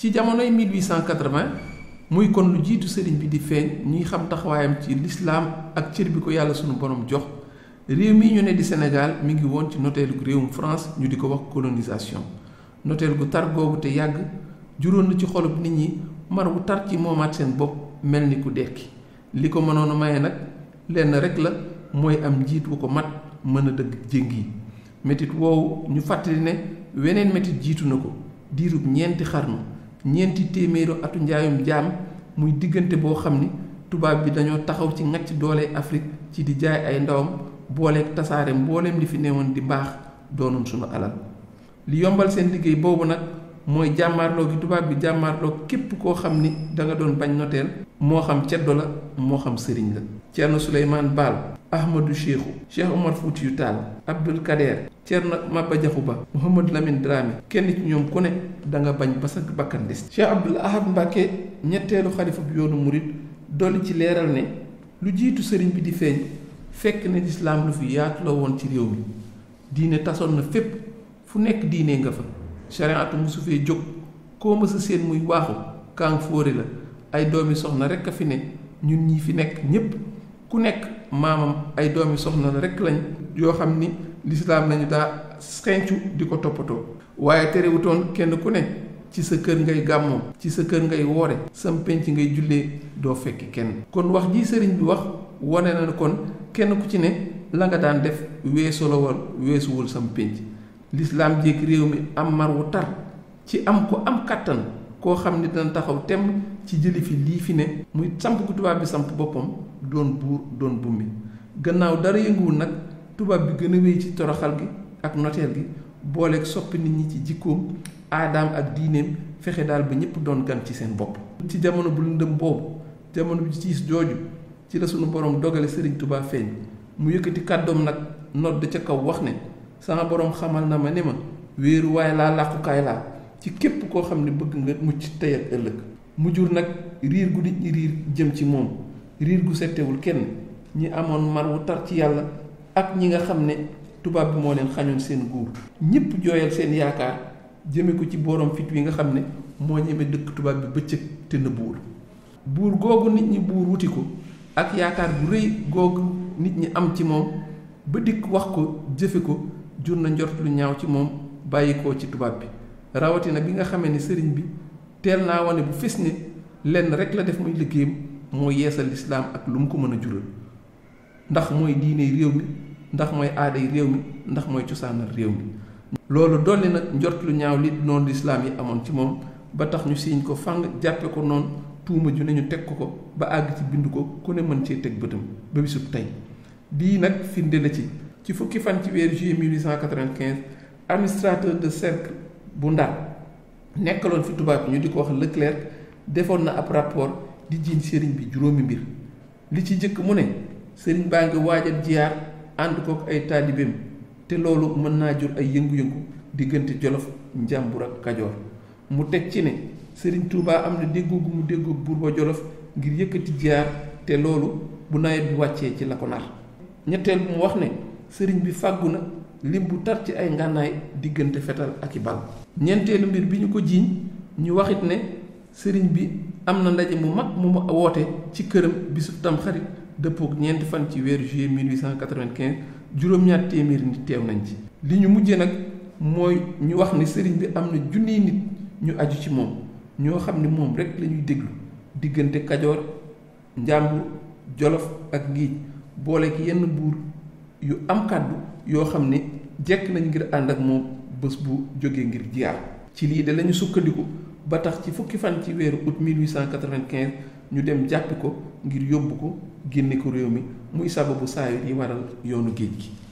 ci jamonoy 1880 muy kon lu jiitu sëriñ bi di feeñ ñuy xam taxawaayam ci lislaam ak cër bi ko yàlla sunu borom jox réew mi ñu ne di senegal mi ngi woon ci noteelu réewum France ñu di ko wax colonisation noteel gu tar googu te yàgg juróon na ci xolub nit ñi mar bu tar ci moomaat seen bopp mel ni ku dekki li ko mënoon maye nag lenn rek la mooy am njiit wu ko mat mën a dëgg jéng yi métit woowu ñu fàttali ne weneen métit jiitu na ko diirub ñeenti xarnu ñeenti téeméeru atu njaayum jaam muy diggante boo xam ni tubaab bi dañoo taxaw ci ngacc doole Afrique ci di jaay ay ndawam booleeg tasaare mbooleem li fi newoon di baax doonoon sunu alal li yombal seen liggéey boobu nag. mooy jàmmaarloo gi tubaab bi jàmmaarloo képp koo xam ni danga doon bañ noteel moo xam ceddo la moo xam sëriñ la Ceerno Suleymaan Baal Ahmadou Cheikhou Cheikh Omar Foutiyou Tall Abdul Kader Ceerno Maba Jaxu Ba Mouhamadou Lamine Dramé kenn ci ñoom ku ne da nga bañ ba sa bakkan des Cheikh Ahad Mbacke ñetteelu xalifa bu yoonu murit dolli ci leeral ne lu jiitu sëriñ bi di feeñ fekk na lislaam lu fi yaatu la woon ci réew mi diine tasoon na fépp fu nekk diine nga chariatu mosu fee jóg koo mës a seen muy waaxu kaang fóori la ay doomi soxna rekk a fi ne ñun ñi fi nekk ñépp ku nekk maamam ay doomi soxna la rekk lañ yoo xam ni lislaam lañu daal xencu di ko toppatoo waaye terewutoon kenn ku ne ci sa kër ngay gàmmoo ci sa kër ngay woore sam penc ngay jullee doo fekk kenn kon wax ji sëriñ bi wax wane na kon kenn ku ci ne la nga daan def weesu la woon weesuwul sam lislaam jéeg réew mi am mar wu tar ci am ko am kàttan koo xam ni dana taxaw temm ci jëli fi lii fi ne muy samp gu tubaab bi samp boppam doon buur doon bummi gannaaw dara yënguwul nag tubaab bi gën a wéy ci toroxal gi ak noteel gi booleeg soppi nit ñi ci jikkoom aadaam ak diineem fexe daal ba ñëpp doon gan ci seen bopp ci jamono bu lëndëm boobu jamono bu ciis jooju ci la sunu borom dogale sëriñ tubaa feeñ mu yëkkati kàddoom nag nodd ca kaw wax ne sama borom xamal na ma ni ma wéeruwaay laa làqukaay laa ci képp koo xam ne bëgg nga mucc tey ak ëllëg mu jur nag riir gu nit ñi riir jëm ci moom riir gu settewul kenn ñi amoon mar wu tar ci yàlla ak ñi nga xam ne tubaab bi moo leen xañoon seen guur ñëpp jooyal seen yaakaar jëme ko ci borom fit wi nga xam ne moo ñeme dëkk tubaab bi bëccëg te nëbbuwul buur googu nit ñi buur wuti ko ak yaakaar bu rëy googu nit ñi am ci moom ba dikk wax ko jëfe ko jur na njort lu ñaaw ci moom bàyyikoo ci tubaab bi rawatina bi nga xamee ni sëriñ bi teel naa wane bu fis ne lenn rek la def muy liggéeyam mooy yeesal lislaam ak lu mu ko mën a jural ndax mooy diine réew mi ndax mooy aaday réew mi ndax mooy cosaanal réew mi loolu dolli na njort lu ñaaw li noonu lislaam yi amoon ci moom ba tax ñu siiñ ko fang jàppe ko noonu tuuma ju ne ñu teg ko ko ba àgg ci bind ko ku ne mën cee teg bëtam ba bisub tey bii nag firnde na ci ci fukki fan ci weeru juillet 1895 administrateur de cercle bu Ndar nekkaloon fi tubaab bi ñu di ko wax Leclerc defoon na ab rapport di jiiñ sëriñ bi juróomi mbir li ci jëkk mu ne sëriñ baa ngi waajal jiyaar ànd kook ay taalibeem te loolu mën naa jur ay yëngu-yëngu diggante Jolof Njàmbur ak Kajoor mu teg ci ne sëriñ Touba am na déggoo gu mu déggoo buur Jolof ngir yëkkati jiyaar te loolu bu nawet bi wàccee ci la ko nar ñetteel bu mu wax ne sëriñ bi fàggu na lim bu tar ci ay ngànnaay diggante fetal ak i bal ñeenteelu mbir bi ñu ko jiiñ ñu waxit ne sëriñ bi am na ndaje mu mag mu mu woote ci këram bi su tamxarit dëppook ñeenti fan ci weeru juillet 1895 juróom-ñaar téeméeri nit teew nañ ci li ñu mujje nag mooy ñu wax ni sëriñ bi am na junniy nit ñu aju ci moom ñoo xam ni moom rek lañuy déglu diggante kajoor njàmbur jolof ak ngiij boole yenn buur yu am kàddu yoo xam ne jekk nañu ngir ànd ak moom bés bu jógee ngir jiyaar ci lii de lañu sukkandiku ba tax ci fukki fan ci weeru août 1895 ñu dem jàpp ko ngir yóbbu ko génne ko réew mi muy sababu saa yi waral yoonu géej gi